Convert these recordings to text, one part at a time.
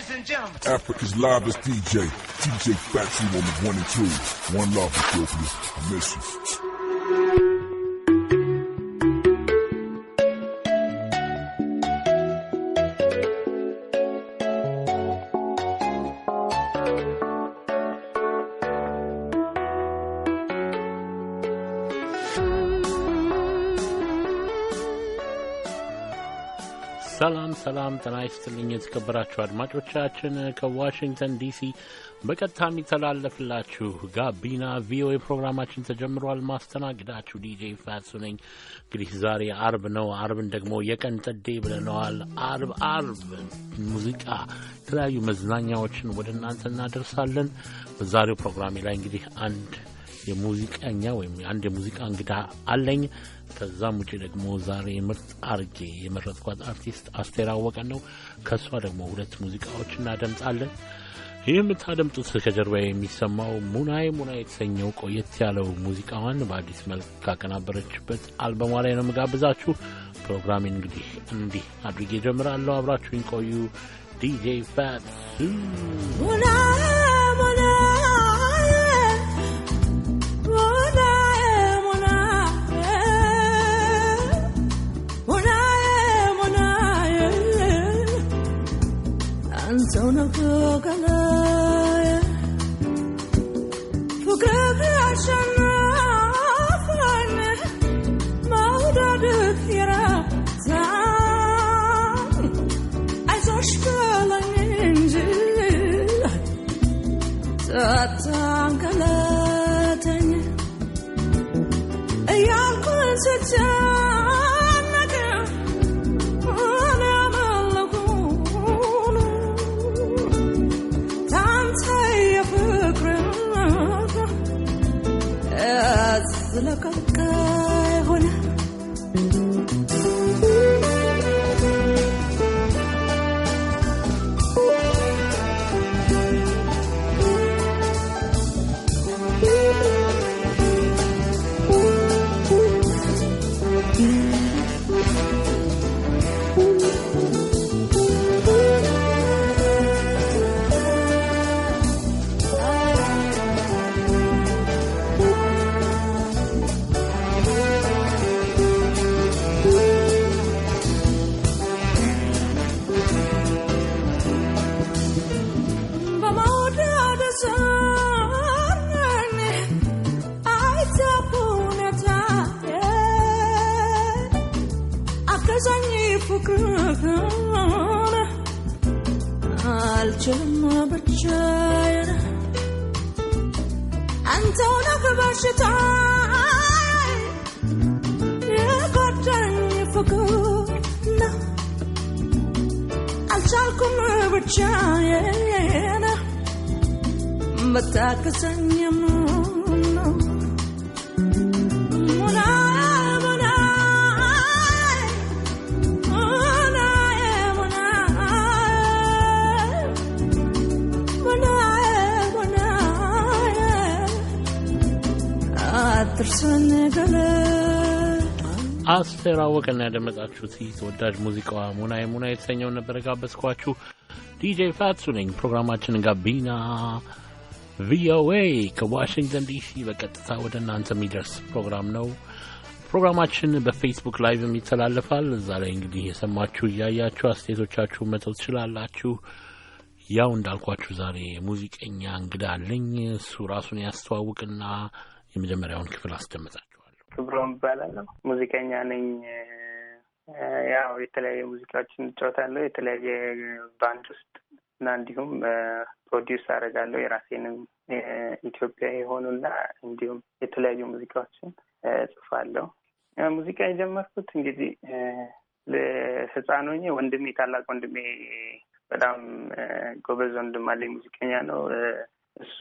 Ladies and gentlemen. Africa's livest DJ. DJ Factory on the one and two. One love, Ethiopia. I miss you. ጤና ይስጥልኝ የተከበራችሁ አድማጮቻችን ከዋሽንግተን ዲሲ በቀጥታ የሚተላለፍላችሁ ጋቢና ቪኦኤ ፕሮግራማችን ተጀምሯል። ማስተናግዳችሁ ዲጄ ፋሱ ነኝ። እንግዲህ ዛሬ አርብ ነው። አርብን ደግሞ የቀን ጠዴ ብለነዋል። አርብ አርብ ሙዚቃ፣ የተለያዩ መዝናኛዎችን ወደ እናንተ እናደርሳለን። በዛሬው ፕሮግራሜ ላይ እንግዲህ አንድ የሙዚቀኛ ወይም አንድ የሙዚቃ እንግዳ አለኝ። ከዛም ውጭ ደግሞ ዛሬ ምርጥ አርጌ የመረጥኳት አርቲስት አስቴር አወቀን ነው። ከእሷ ደግሞ ሁለት ሙዚቃዎች እናደምጣለን። ይህ የምታደምጡት ከጀርባ የሚሰማው ሙናይ ሙና የተሰኘው ቆየት ያለው ሙዚቃዋን በአዲስ መልክ ካቀናበረችበት አልበሟ ላይ ነው የምጋብዛችሁ። ፕሮግራም እንግዲህ እንዲህ አድርጌ ጀምራለሁ። አብራችሁኝ ቆዩ። ዲጄ ፋትሱ 那个感。አስቴር አወቀና ያደመጣችሁት ይህ ተወዳጅ ሙዚቃዋ ሙና ሙናዬ የተሰኘውን ነበር የጋበዝኳችሁ። ዲጄ ፋትሱ ነኝ። ፕሮግራማችን ጋቢና ቪኦኤ ከዋሽንግተን ዲሲ በቀጥታ ወደ እናንተ የሚደርስ ፕሮግራም ነው። ፕሮግራማችን በፌስቡክ ላይቭም ይተላለፋል። እዛ ላይ እንግዲህ የሰማችሁ እያያችሁ አስተያየቶቻችሁ መተው ትችላላችሁ። ያው እንዳልኳችሁ ዛሬ ሙዚቀኛ እንግዳ አለኝ። እሱ ራሱን ያስተዋውቅና የመጀመሪያውን ክፍል አስደምጣችኋለሁ። ክብሮም እባላለሁ። ሙዚቀኛ ነኝ። ያው የተለያየ ሙዚቃዎችን እንጫወታለሁ የተለያየ ባንድ ውስጥ እና እንዲሁም ፕሮዲውስ አደርጋለሁ የራሴንም ኢትዮጵያ የሆኑና እንዲሁም የተለያዩ ሙዚቃዎችን ጽፋለሁ። ሙዚቃ የጀመርኩት እንግዲህ ለህፃን ሆኜ ወንድሜ ታላቅ ወንድሜ በጣም ጎበዝ ወንድም አለኝ፣ ሙዚቀኛ ነው። እሱ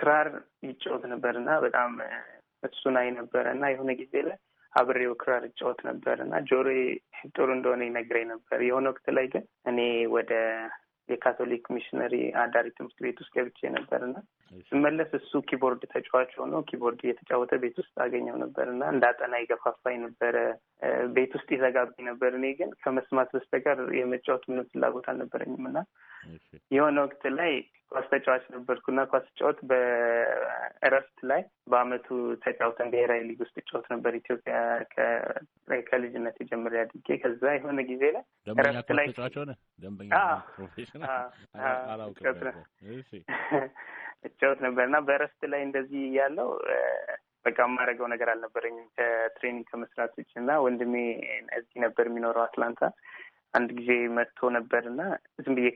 ክራር ይጫወት ነበር እና በጣም እሱን አይ ነበረ እና የሆነ ጊዜ ላይ አብሬው ክራር ይጫወት ነበር እና ጆሮ ጥሩ እንደሆነ ይነግረኝ ነበር። የሆነ ወቅት ላይ ግን እኔ ወደ የካቶሊክ ሚሽነሪ አዳሪ ትምህርት ቤት ውስጥ ገብቼ ነበር እና ስመለስ እሱ ኪቦርድ ተጫዋች ሆኖ ኪቦርድ እየተጫወተ ቤት ውስጥ አገኘው ነበር እና እንዳጠና ይገፋፋኝ ነበረ። ቤት ውስጥ ይዘጋብኝ ነበር። እኔ ግን ከመስማት በስተቀር የመጫወት ምንም ፍላጎት አልነበረኝም እና የሆነ ወቅት ላይ ኳስ ተጫዋች ነበርኩና ኳስ ተጫወት በእረፍት ላይ በአመቱ ተጫውተን ብሔራዊ ሊግ ውስጥ እጫወት ነበር ኢትዮጵያ ከልጅነት የጀምር ያድጌ። ከዛ የሆነ ጊዜ ላይ እረፍት ላይ ነበር እና በእረፍት ላይ እንደዚህ ያለው በቃ የማደርገው ነገር አልነበረኝም ከትሬኒንግ ከመስራት ውጭ እና ወንድሜ እዚህ ነበር የሚኖረው አትላንታ። አንድ ጊዜ መጥቶ ነበር እና ዝም ብዬ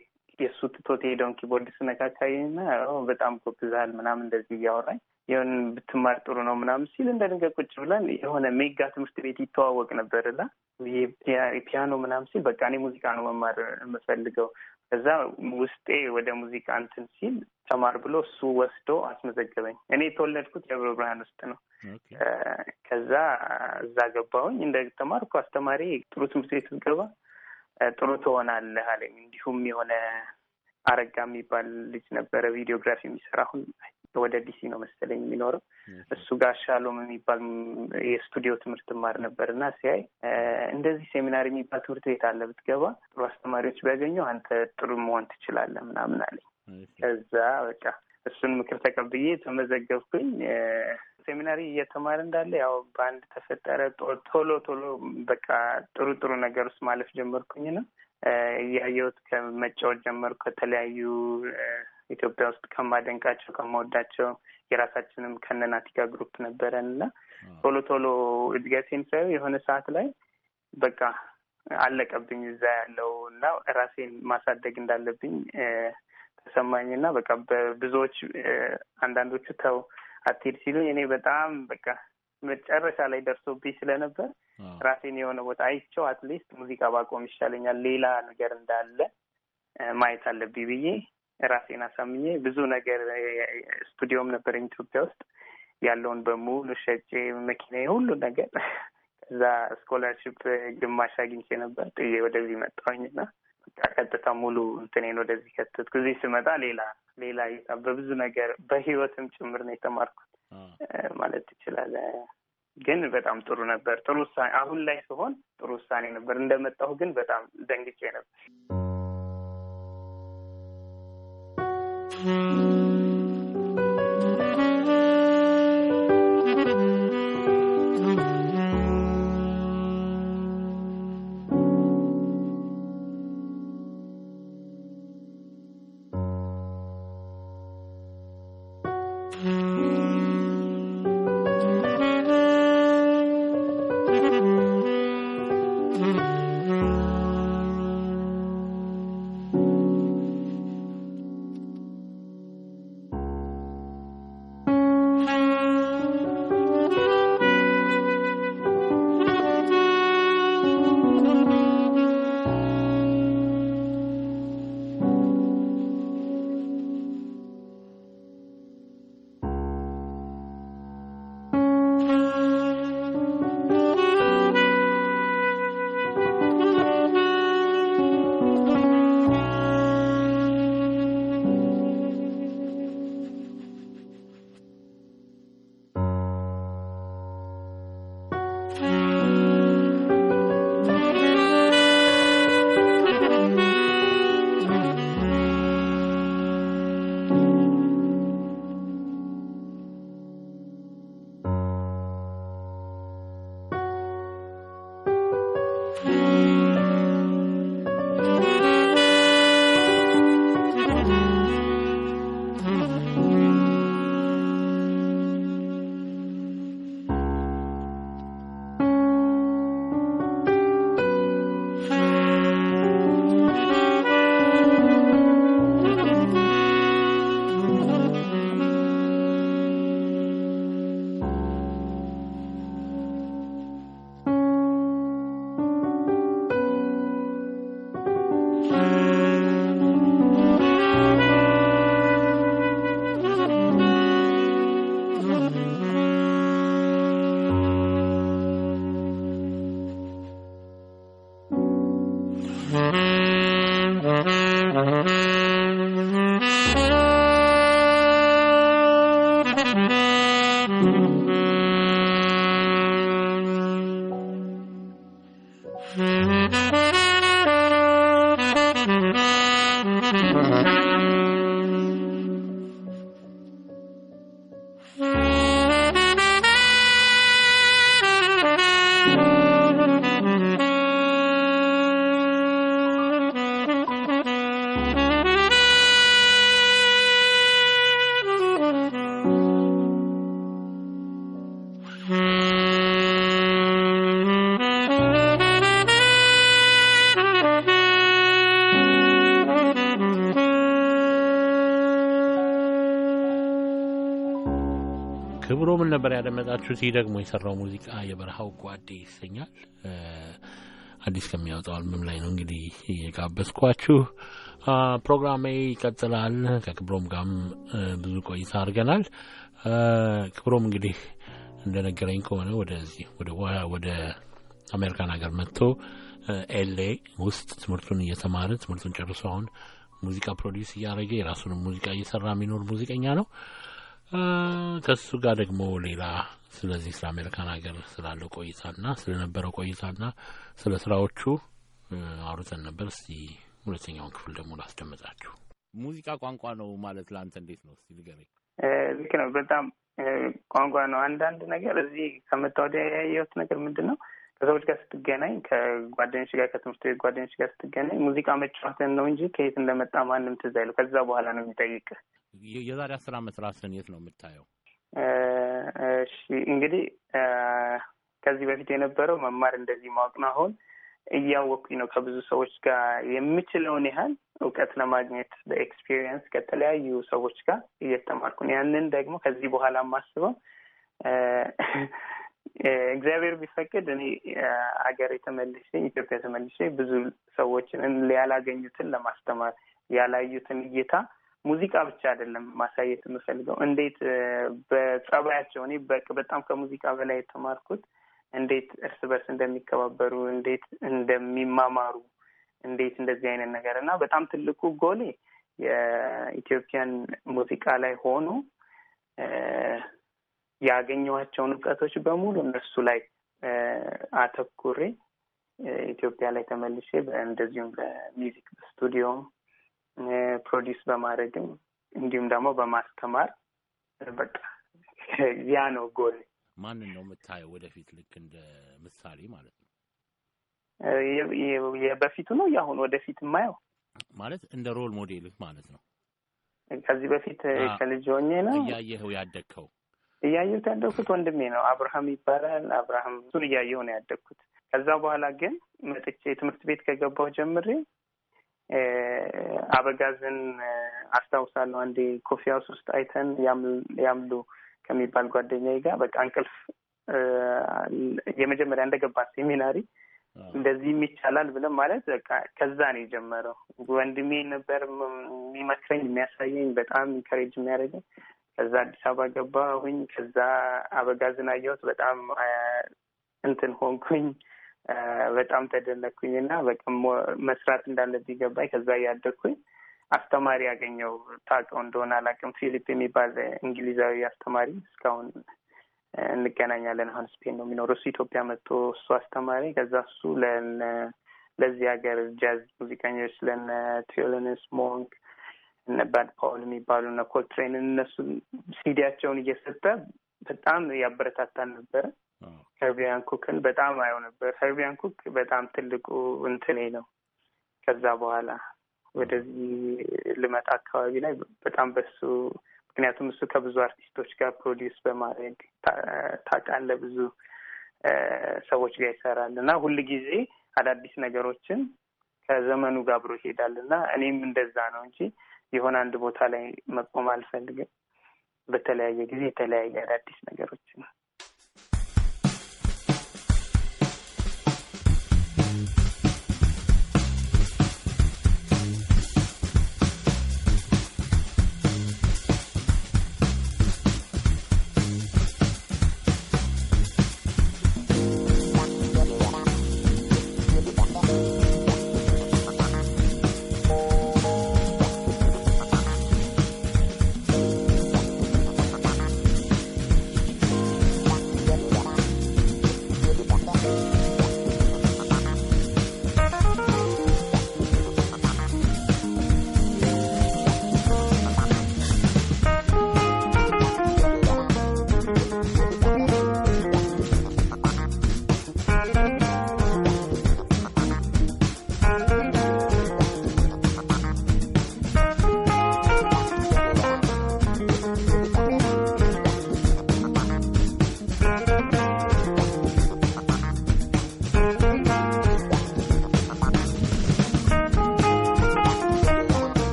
የእሱ ትቶት የሄደውን ኪቦርድ ስነካካይ እና በጣም ጎብዛል ምናምን እንደዚህ እያወራኝ የሆን ብትማር ጥሩ ነው ምናምን ሲል እንደ ድንገት ቁጭ ብለን የሆነ ሜጋ ትምህርት ቤት ይተዋወቅ ነበር እና ፒያኖ ምናምን ሲል በቃ እኔ ሙዚቃ ነው መማር የምፈልገው እዛ ውስጤ ወደ ሙዚቃ እንትን ሲል ተማር ብሎ እሱ ወስዶ አስመዘገበኝ። እኔ የተወለድኩት ደብረ ብርሃን ውስጥ ነው። ከዛ እዛ ገባሁኝ። እንደ ተማርኩ አስተማሪ ጥሩ ትምህርት ቤት ስትገባ ጥሩ ትሆናለህ አለኝ። እንዲሁም የሆነ አረጋ የሚባል ልጅ ነበረ ቪዲዮግራፊ የሚሰራ አሁን ወደ ዲሲ ነው መሰለኝ የሚኖረው። እሱ ጋር ሻሎም የሚባል የስቱዲዮ ትምህርት ማር ነበር እና ሲያይ እንደዚህ ሴሚናር የሚባል ትምህርት ቤት አለ ብትገባ ጥሩ አስተማሪዎች ቢያገኘው አንተ ጥሩ መሆን ትችላለህ ምናምን አለኝ። ከዛ በቃ እሱን ምክር ተቀብዬ ተመዘገብኩኝ። ሴሚናሪ እየተማር እንዳለ ያው በአንድ ተፈጠረ። ቶሎ ቶሎ በቃ ጥሩ ጥሩ ነገር ውስጥ ማለፍ ጀመርኩኝና እያየሁት ከመጫወት ጀመርኩ ከተለያዩ ኢትዮጵያ ውስጥ ከማደንቃቸው ከማወዳቸው የራሳችንም ከነናቲጋ ግሩፕ ነበረን እና ቶሎ ቶሎ እድገቴን ሳየው የሆነ ሰዓት ላይ በቃ አለቀብኝ እዛ ያለው እና ራሴን ማሳደግ እንዳለብኝ ተሰማኝ እና በቃ በብዙዎች አንዳንዶቹ ተው አትሄድ ሲሉ እኔ በጣም በቃ መጨረሻ ላይ ደርሶብኝ ስለነበር ራሴን የሆነ ቦታ አይቸው አትሊስት ሙዚቃ ባቆም ይሻለኛል፣ ሌላ ነገር እንዳለ ማየት አለብኝ ብዬ ራሴን አሳምኜ ብዙ ነገር ስቱዲዮም ነበረኝ ኢትዮጵያ ውስጥ ያለውን በሙሉ ሸጬ መኪና ሁሉ ነገር ከዛ ስኮላርሽፕ ግማሽ አግኝቼ ነበር ጥዬ ወደዚህ መጣሁኝ እና በቃ ቀጥታ ሙሉ እንትኔን ወደዚህ ከተትኩ። እዚህ ስመጣ ሌላ ሌላ ይታ በብዙ ነገር በህይወትም ጭምር ነው የተማርኩት ማለት ትችላለህ። ግን በጣም ጥሩ ነበር። ጥሩ ውሳኔ አሁን ላይ ሲሆን ጥሩ ውሳኔ ነበር። እንደመጣሁ ግን በጣም ደንግጬ ነበር። Mm-hmm. ነበር ያደመጣችሁት። ይህ ደግሞ የሰራው ሙዚቃ የበረሃው ጓዴ ይሰኛል። አዲስ ከሚያወጣው አልበም ላይ ነው እንግዲህ እየጋበዝኳችሁ። ፕሮግራሜ ይቀጥላል። ከክብሮም ጋርም ብዙ ቆይታ አድርገናል። ክብሮም እንግዲህ እንደነገረኝ ከሆነ ወደዚህ ወደ አሜሪካን ሀገር መጥቶ ኤልኤ ውስጥ ትምህርቱን እየተማረ ትምህርቱን ጨርሶ አሁን ሙዚቃ ፕሮዲውስ እያደረገ የራሱንም ሙዚቃ እየሰራ የሚኖር ሙዚቀኛ ነው። ከሱ ጋር ደግሞ ሌላ ስለዚህ ስለ አሜሪካን ሀገር ስላለው ቆይታና ስለነበረው ቆይታና ስለ ስራዎቹ አውርተን ነበር። እስቲ ሁለተኛውን ክፍል ደግሞ ላስደምጣችሁ? ሙዚቃ ቋንቋ ነው ማለት ለአንተ እንዴት ነው? እስቲ ንገረኝ። ልክ ነው። በጣም ቋንቋ ነው። አንዳንድ ነገር እዚህ ከመጣ ወዲያ ያየሁት ነገር ምንድን ነው ከሰዎች ጋር ስትገናኝ፣ ከጓደኞች ጋር ከትምህርት ቤት ጓደኞች ጋር ስትገናኝ ሙዚቃ መጫወትን ነው እንጂ ከየት እንደመጣ ማንም ትዝ አይለው። ከዛ በኋላ ነው የሚጠይቅ። የዛሬ አስር አመት ራስን የት ነው የምታየው? እሺ እንግዲህ ከዚህ በፊት የነበረው መማር እንደዚህ ማወቅ ነው። አሁን እያወቅኩኝ ነው ከብዙ ሰዎች ጋር የምችለውን ያህል እውቀት ለማግኘት በኤክስፒሪየንስ ከተለያዩ ሰዎች ጋር እየተማርኩ ነው። ያንን ደግሞ ከዚህ በኋላ የማስበው እግዚአብሔር ቢፈቅድ እኔ ሀገር ተመልሼ ኢትዮጵያ ተመልሼ ብዙ ሰዎችን ያላገኙትን ለማስተማር ያላዩትን እይታ ሙዚቃ ብቻ አይደለም ማሳየት የምፈልገው፣ እንዴት በጸባያቸው እኔ በጣም ከሙዚቃ በላይ የተማርኩት እንዴት እርስ በርስ እንደሚከባበሩ፣ እንዴት እንደሚማማሩ፣ እንዴት እንደዚህ አይነት ነገር እና በጣም ትልቁ ጎሌ የኢትዮጵያን ሙዚቃ ላይ ሆኖ ያገኘኋቸውን እውቀቶች በሙሉ እነሱ ላይ አተኩሬ ኢትዮጵያ ላይ ተመልሼ እንደዚሁም በሚዚክ ስቱዲዮም ፕሮዲስ በማድረግም እንዲሁም ደግሞ በማስተማር በቃ ያ ነው ጎል። ማንን ነው የምታየው ወደፊት ልክ እንደ ምሳሌ ማለት ነው? በፊቱ ነው ያሁን ወደፊት የማየው ማለት እንደ ሮል ሞዴል ማለት ነው። ከዚህ በፊት ከልጅ ሆኜ ነው እያየኸው ያደግከው እያየሁት ያደግኩት ወንድሜ ነው። አብርሃም ይባላል። አብርሃም እሱን እያየሁ ነው ያደግኩት። ከዛ በኋላ ግን መጥቼ ትምህርት ቤት ከገባሁ ጀምሬ አበጋዝን አስታውሳለሁ። አንዴ ኮፊ ሀውስ ውስጥ አይተን ያምሉ ከሚባል ጓደኛዬ ጋር በቃ እንቅልፍ የመጀመሪያ እንደገባ ሴሚናሪ እንደዚህም ይቻላል ብለን ማለት በቃ ከዛ ነው የጀመረው። ወንድሜ ነበር የሚመክረኝ የሚያሳየኝ፣ በጣም ኢንካሬጅ የሚያደርገኝ ከዛ አዲስ አበባ ገባሁኝ። ከዛ አበጋዝን አየሁት። በጣም እንትን ሆንኩኝ። በጣም ተደነኩኝ እና በቃ መስራት እንዳለብኝ ገባኝ። ከዛ እያደግኩኝ አስተማሪ ያገኘው ታውቀው እንደሆነ አላውቅም። ፊሊፕ የሚባል እንግሊዛዊ አስተማሪ እስካሁን እንገናኛለን። አሁን ስፔን ነው የሚኖረው። እሱ ኢትዮጵያ መጥቶ እሱ አስተማሪ። ከዛ እሱ ለዚህ ሀገር ጃዝ ሙዚቀኞች ለነ ቴዎሎነስ ሞንክ እነ ባድ ፓውል የሚባሉ እና ኮልትሬን እነሱን ሲዲያቸውን እየሰጠ በጣም ያበረታታ ነበር ሄርቪያን ኩክን በጣም አየው ነበር። ሄርቪያን ኩክ በጣም ትልቁ እንትኔ ነው። ከዛ በኋላ ወደዚህ ልመጣ አካባቢ ላይ በጣም በሱ ምክንያቱም እሱ ከብዙ አርቲስቶች ጋር ፕሮዲውስ በማድረግ ታውቃለህ፣ ብዙ ሰዎች ጋር ይሰራል እና ሁል ጊዜ አዳዲስ ነገሮችን ከዘመኑ ጋር አብሮ ይሄዳል እና እኔም እንደዛ ነው እንጂ የሆነ አንድ ቦታ ላይ መቆም አልፈልግም። በተለያየ ጊዜ የተለያየ አዳዲስ ነገሮች ነው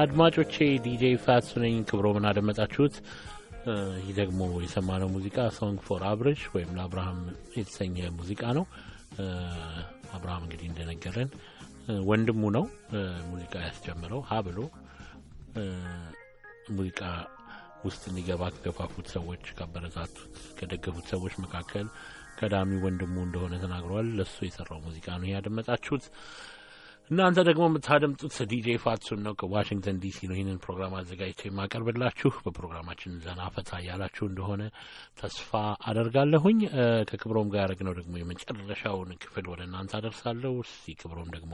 አድማጮቼ ዲጄ ፋሱ ነኝ። ክብሮ ምን አደመጣችሁት? ይህ ደግሞ የሰማነው ሙዚቃ ሶንግ ፎር አብረጅ ወይም ለአብርሃም የተሰኘ ሙዚቃ ነው። አብርሃም እንግዲህ እንደነገረን ወንድሙ ነው ሙዚቃ ያስጀምረው ሀ ብሎ ሙዚቃ ውስጥ እንዲገባ ከገፋፉት ሰዎች፣ ካበረታቱት፣ ከደገፉት ሰዎች መካከል ቀዳሚ ወንድሙ እንደሆነ ተናግረዋል። ለሱ የሰራው ሙዚቃ ነው ያደመጣችሁት። እናንተ ደግሞ የምታደምጡት ዲጄ ፋትሱን ነው ከዋሽንግተን ዲሲ ነው። ይህንን ፕሮግራም አዘጋጅቼ የማቀርብላችሁ በፕሮግራማችን ዘና ፈታ እያላችሁ እንደሆነ ተስፋ አደርጋለሁኝ። ከክብሮም ጋር ያደረግነው ደግሞ የመጨረሻውን ክፍል ወደ እናንተ አደርሳለሁ። እስቲ ክብሮም ደግሞ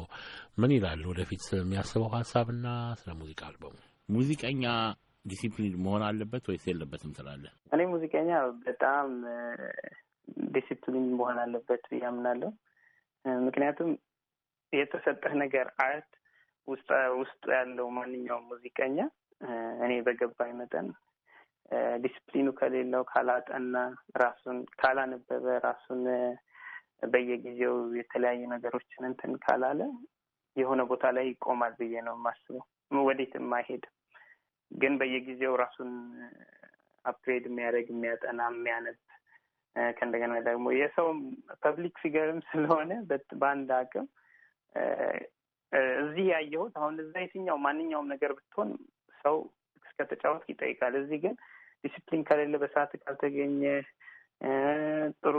ምን ይላል ወደፊት የሚያስበው ሀሳብና ስለ ሙዚቃ አልበሙ ሙዚቀኛ ዲሲፕሊን መሆን አለበት ወይስ የለበትም ትላለህ? እኔ ሙዚቀኛ በጣም ዲሲፕሊን መሆን አለበት ብዬ አምናለሁ። ምክንያቱም የተሰጠህ ነገር አርት ውስጥ ውስጡ ያለው ማንኛውም ሙዚቀኛ እኔ በገባኝ መጠን ዲስፕሊኑ ከሌለው ካላጠና፣ ራሱን ካላነበበ፣ ራሱን በየጊዜው የተለያዩ ነገሮችን እንትን ካላለ የሆነ ቦታ ላይ ይቆማል ብዬ ነው የማስበው። ወዴትም አይሄድም። ግን በየጊዜው ራሱን አፕግሬድ uh, የሚያደርግ የሚያጠና፣ የሚያነብ uh, ከእንደገና ደግሞ የሰው ፐብሊክ ፊገርም ስለሆነ በአንድ አቅም uh, እዚህ ያየሁት አሁን እዛ የትኛው ማንኛውም ነገር ብትሆን ሰው እስከተጫወት ይጠይቃል። እዚህ ግን ዲስፕሊን ከሌለ በሰዓት ካልተገኘ ጥሩ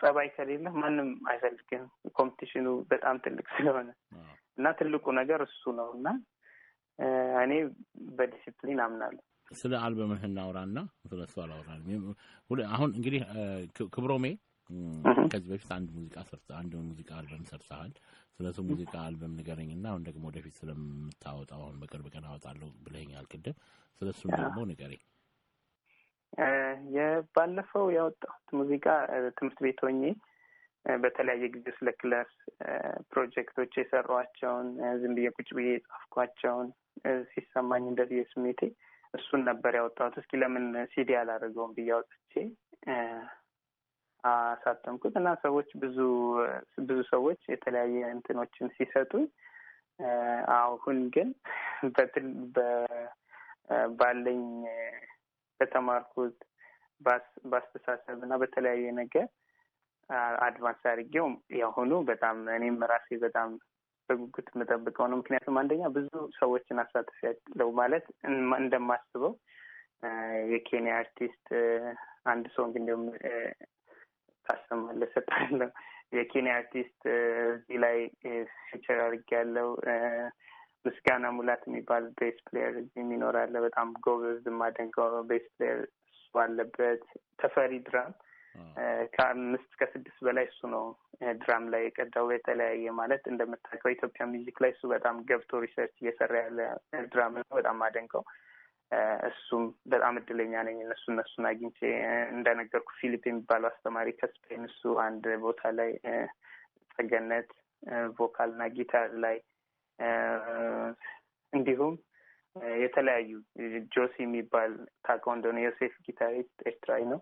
ጸባይ ከሌለ ማንም አይፈልግም። ኮምፒቲሽኑ በጣም ትልቅ ስለሆነ እና ትልቁ ነገር እሱ ነው እና እኔ በዲሲፕሊን አምናለሁ። ስለ አልበምህ እናውራና ስለ እሱ አላወራም። አሁን እንግዲህ ክብሮሜ ከዚህ በፊት አንድ ሙዚቃ ሰርተ አንድ ሙዚቃ አልበም ሰርተሃል። ስለ እሱ ሙዚቃ አልበም ንገረኝ እና አሁን ደግሞ ወደፊት ስለምታወጣው አሁን በቅርብ ቀን አወጣለሁ ብለኛል ቅድም። ስለ እሱም ደግሞ ንገረኝ። የባለፈው ያወጣሁት ሙዚቃ ትምህርት ቤት ሆኜ በተለያየ ጊዜ ስለ ክለስ ፕሮጀክቶች የሰሯቸውን ዝም ብዬ ቁጭ ብዬ የጻፍኳቸውን ሲሰማኝ እንደዚህ ስሜቴ እሱን ነበር ያወጣሁት። እስኪ ለምን ሲዲ አላደርገውም ብዬ አውጥቼ አሳተምኩት እና ሰዎች ብዙ ብዙ ሰዎች የተለያየ እንትኖችን ሲሰጡኝ አሁን ግን ባለኝ በተማርኩት በአስተሳሰብ እና በተለያየ ነገር አድቫንስ አድርጌው ያሁኑ በጣም እኔም ራሴ በጣም በጉጉት የምጠብቀው ነው። ምክንያቱም አንደኛ ብዙ ሰዎችን አሳትፍ ያለው ማለት እንደማስበው የኬንያ አርቲስት አንድ ሶንግ እንዲሁም ታሰማለህ ሰጣለሁ። የኬንያ አርቲስት እዚህ ላይ ፊቸር ያለው ምስጋና ሙላት የሚባል ቤስ ፕሌየር እዚህ የሚኖራለ በጣም ጎበዝ የማደንቀው ቤስ ፕሌየር ባለበት ተፈሪ ድራም ከአምስት ከስድስት በላይ እሱ ነው ድራም ላይ የቀዳው። የተለያየ ማለት እንደምታውቀው ኢትዮጵያ ሚዚክ ላይ እሱ በጣም ገብቶ ሪሰርች እየሰራ ያለ ድራም ነው። በጣም አደንቀው። እሱም በጣም እድለኛ ነኝ እነሱ እነሱን አግኝቼ እንደነገርኩ ፊሊፕ የሚባለው አስተማሪ ከስፔን እሱ አንድ ቦታ ላይ ጸገነት ቮካልና ጊታር ላይ እንዲሁም የተለያዩ ጆሲ የሚባል ታውቀው እንደሆነ ዮሴፍ ጊታሪስት ኤርትራዊ ነው።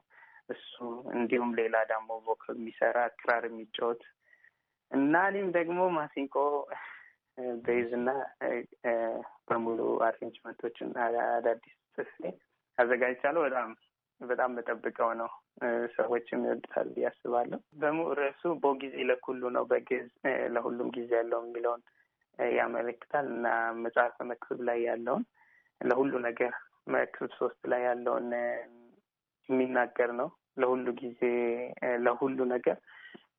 እሱ እንዲሁም ሌላ ደግሞ ቮክል የሚሰራ ክራር የሚጫወት እና እኔም ደግሞ ማሲንቆ ቤዝ እና በሙሉ አሬንጅመንቶችን አዳዲስ ጽፌ አዘጋጅቻለሁ። በጣም በጣም መጠብቀው ነው። ሰዎችም ይወዱታል ብዬ አስባለሁ። በሙ ርዕሱ በጊዜ ለኩሉ ነው በግዕዝ ለሁሉም ጊዜ ያለው የሚለውን ያመለክታል እና መጽሐፈ መክብብ ላይ ያለውን ለሁሉ ነገር መክብብ ሶስት ላይ ያለውን የሚናገር ነው። ለሁሉ ጊዜ ለሁሉ ነገር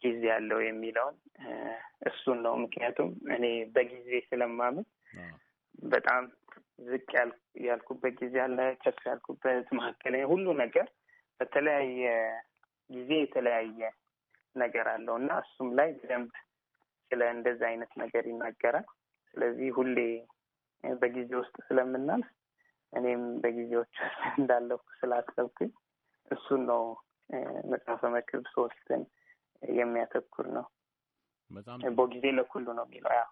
ጊዜ አለው የሚለውን እሱን ነው። ምክንያቱም እኔ በጊዜ ስለማምን በጣም ዝቅ ያልኩበት ጊዜ አለ፣ ከፍ ያልኩበት፣ መካከለኛ፣ ሁሉ ነገር በተለያየ ጊዜ የተለያየ ነገር አለው እና እሱም ላይ በደንብ ስለ እንደዚህ አይነት ነገር ይናገራል። ስለዚህ ሁሌ በጊዜ ውስጥ ስለምናልፍ እኔም በጊዜዎች እንዳለሁ ስላሰብኩኝ እሱን ነው መጽሐፈ መክብብ ሶስትን የሚያተኩር ነው። በጊዜ ለኩሉ ነው የሚለው ያው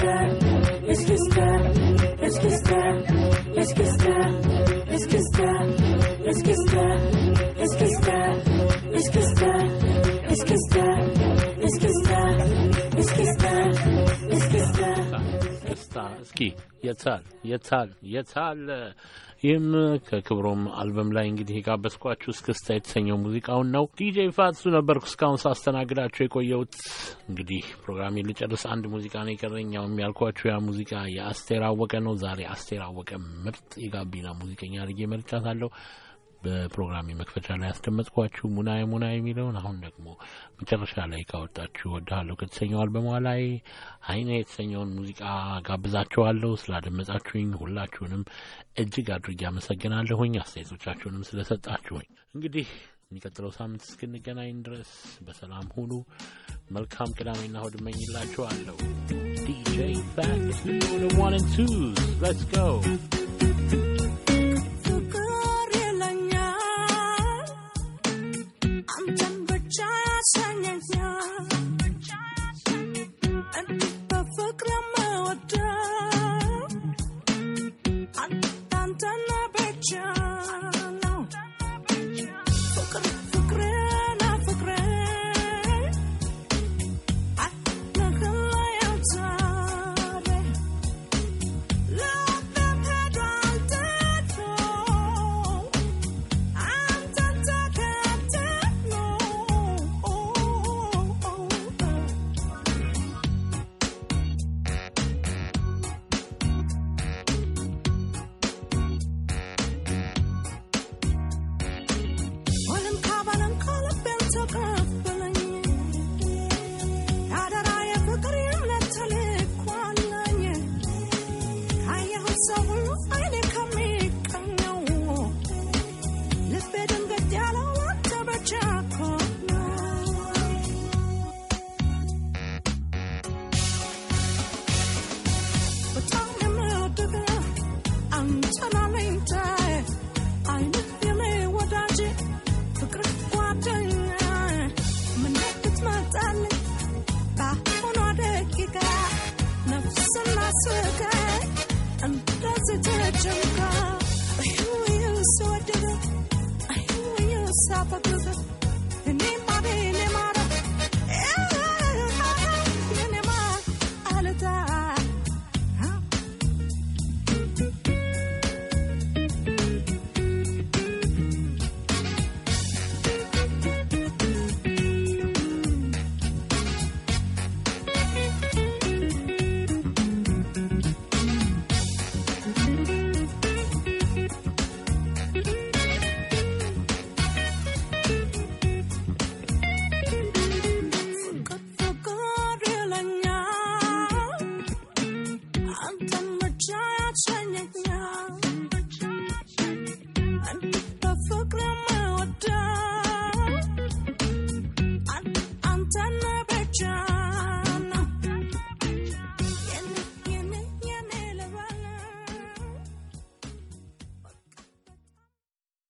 Está, está, está, está, está, está, está, está, está, está, está, está, está, ይህም ከክብሮም አልበም ላይ እንግዲህ የጋበዝኳችሁ እስክስታ የተሰኘው ሙዚቃውን ነው። ዲጄ ፋሱ ነበርኩ እስካሁን ሳስተናግዳችሁ የቆየሁት። እንግዲህ ፕሮግራሜን ልጨርስ አንድ ሙዚቃ ነው የቀረኝ። ያውም ያልኳችሁ ያ ሙዚቃ የአስቴር አወቀ ነው። ዛሬ አስቴር አወቀ ምርጥ የጋቢና ሙዚቀኛ አድርጌ መርጫታለሁ። በፕሮግራም መክፈቻ ላይ ያስደመጥኳችሁ ሙናይ ሙና የሚለውን አሁን ደግሞ መጨረሻ ላይ ካወጣችሁ ወዳለሁ ከተሰኘው አልበሟ ላይ የተሰኘውን ሙዚቃ ጋብዛችኋለሁ። ስላደመጣችሁኝ ሁላችሁንም እጅግ አድርጌ አመሰግናለሁኝ። አስተያየቶቻችሁንም ስለሰጣችሁኝ እንግዲህ የሚቀጥለው ሳምንት እስክንገናኝ ድረስ በሰላም ሁኑ። መልካም ቅዳሜና እሑድ እመኝላችኋለሁ። DJ